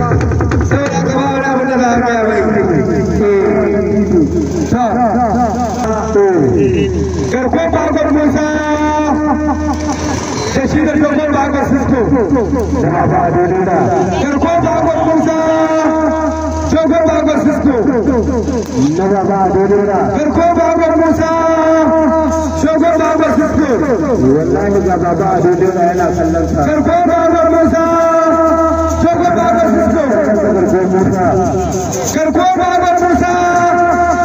garkon bagar musa da shi da garkon bagar sisko garkon musa sisko musa sisko musa babar sisko garko babar musa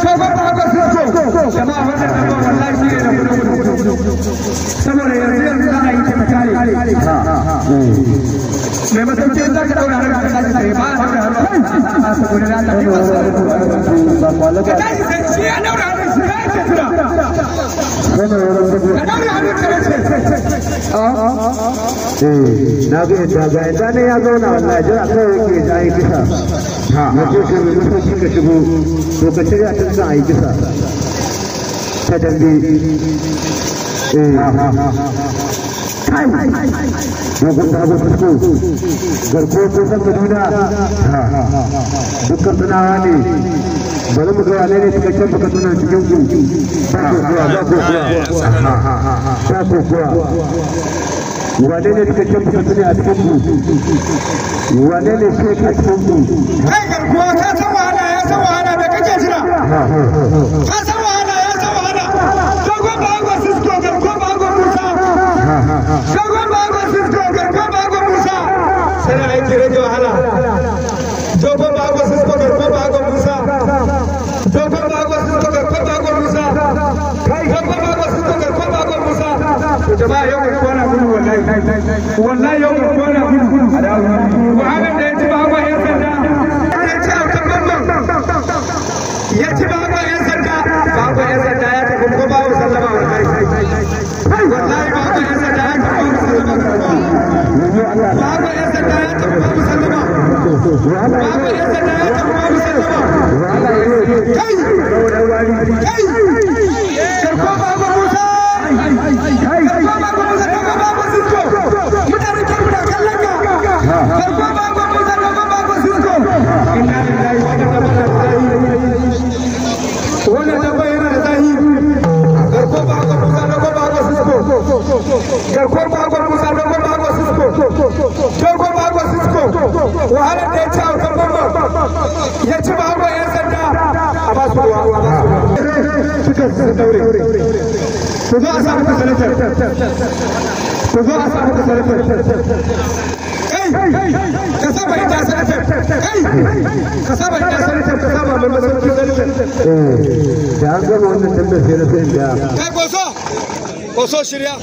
shafar babar sisko musa wannan dabbar wallahi shi ne a yi ta kare mai ba a daura har ba kwallo ba ake kira wannan wurin gudu eh na ga yadda ga yadda ne ya zauna wallahi jira kai yake da ai kisa ha yake ce mai mutunci ka shigo to ka shirya tun san ai ta dambe eh kai dogon da abu fusko garko ko san madina dukkan ne bari mu ga ne ne cikakken baka tana cikin ku ta ha ha ha ha. kokowa wane ne cikakken mutum a cikin ku wane ne shek a cikin ku kai garkuwa ta san wahala ya san wahala wallahi yau da kona gudu muhammad da ya ci baba yan sanda ya ci autan mamman ya ci baba yan sanda baba yan sanda ya tafi ko babu sallama wa kai wallahi baba yan sanda ya tafi babu sallama baba yan sanda ya tafi babu sallama baba yan sanda ya tafi babu sallama kai kai daure ku a sa muku salatar ku zo a kai ka saba ita salatar kai ka saba ita salatar ka saba mai masauki shirya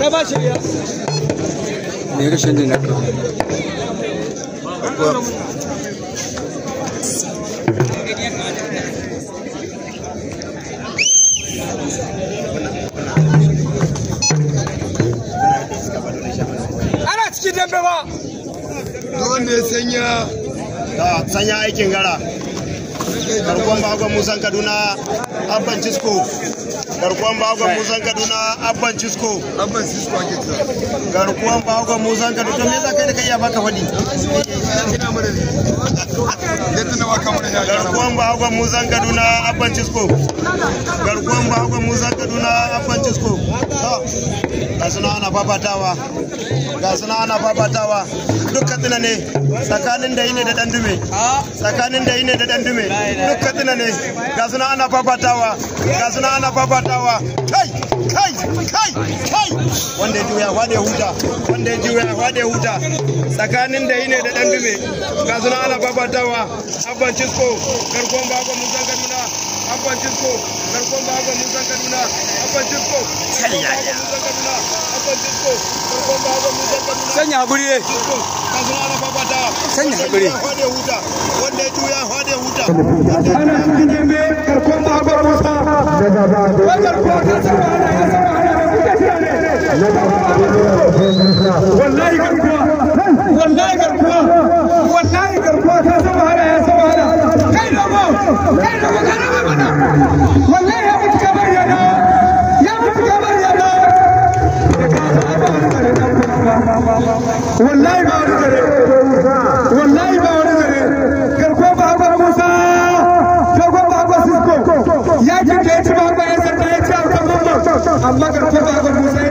kai shirya wanda ya sanya da sanya aikin gara garkon bagon musan kaduna abban cisco garkuwan bagon musan kaduna abban cisco abban cisco ake ta garkuwan bagon musan kaduna to me yasa kai da kai ya baka fadi garkuwan bagon musan kaduna abban cisco garkuwan bagon musan kaduna abban cisco ga suna ana fafatawa ga suna ana fafatawa duk katsina ne tsakanin da yi ne da dan dume tsakanin da yi ne da dan dume duk katsina ne ga suna ana fafatawa ga suna ana fafatawa kai kai kai kai wanda ya juya fade huta wanda ya juya fade huta tsakanin da yi ne da dan dume ga suna ana fafatawa abban cisco garkon bakon musan kaduna abban jisko garkon ba musan kaduna abban jisko sanya hakuri ne kasu ana fafata sanya hakuri hade wanda ya juya hade huta ana cikin dambe garkon ba abban musa garkon ka sama ana ya sama ana ya kuka tira ne wallahi garkuwa wallahi garkuwa wallahi ya mutu kamar yana ya mutu kamar yana wallahi musa ba ya ci ba ya ci a amma garko ba agwar musa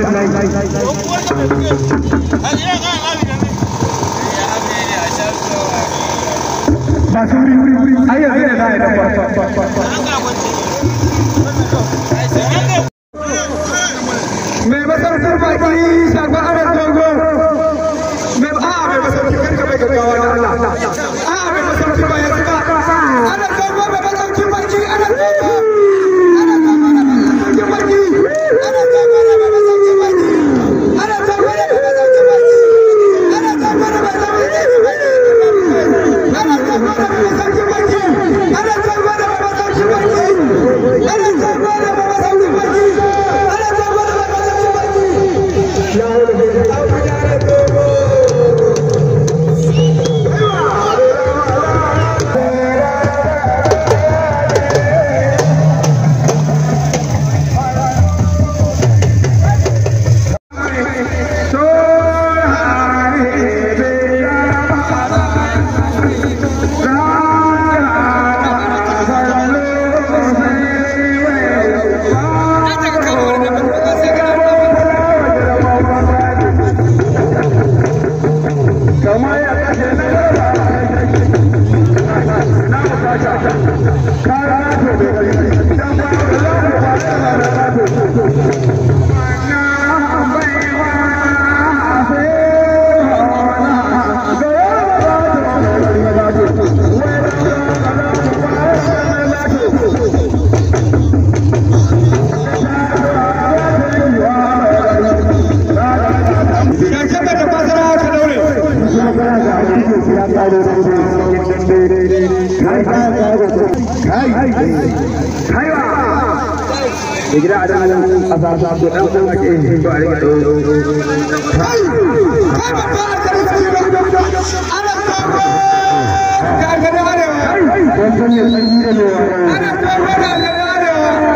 ba su wuri wuri a هاي هاي يجرى على أصاب أصاب دولة سمك إيه بعدين هاي أنا أنا أنا أنا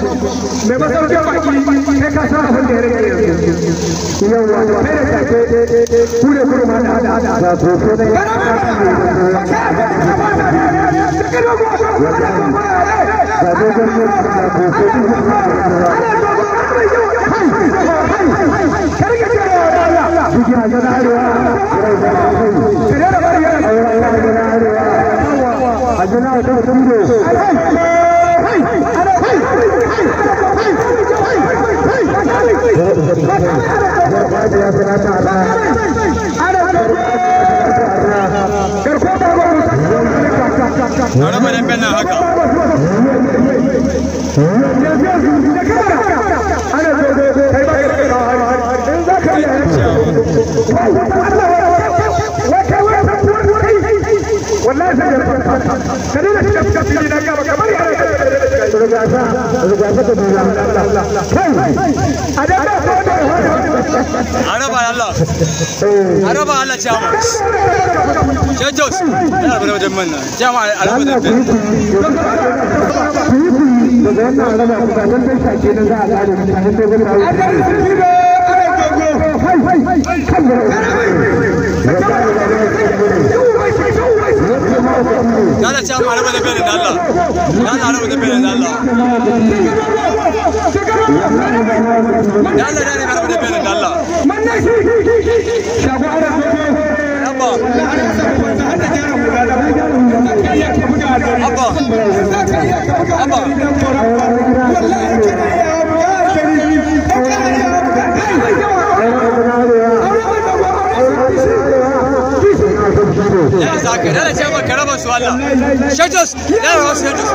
mai masarautar baki sai ka da ya rage yanzu yawa da kai da kake kure kure ma Harapan empenna haka. والله خلينا كده كده في نجا كمان يا رجاله رجاله رجاله لا لا لا لا araba Allah araba Allah jama jajos yana jama da za ya da ce amma raba da belin da Allah ya da raba da belin da Allah ya da da raba da belin da Allah abba abba abba su Allah shajos ya raba su shajos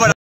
raba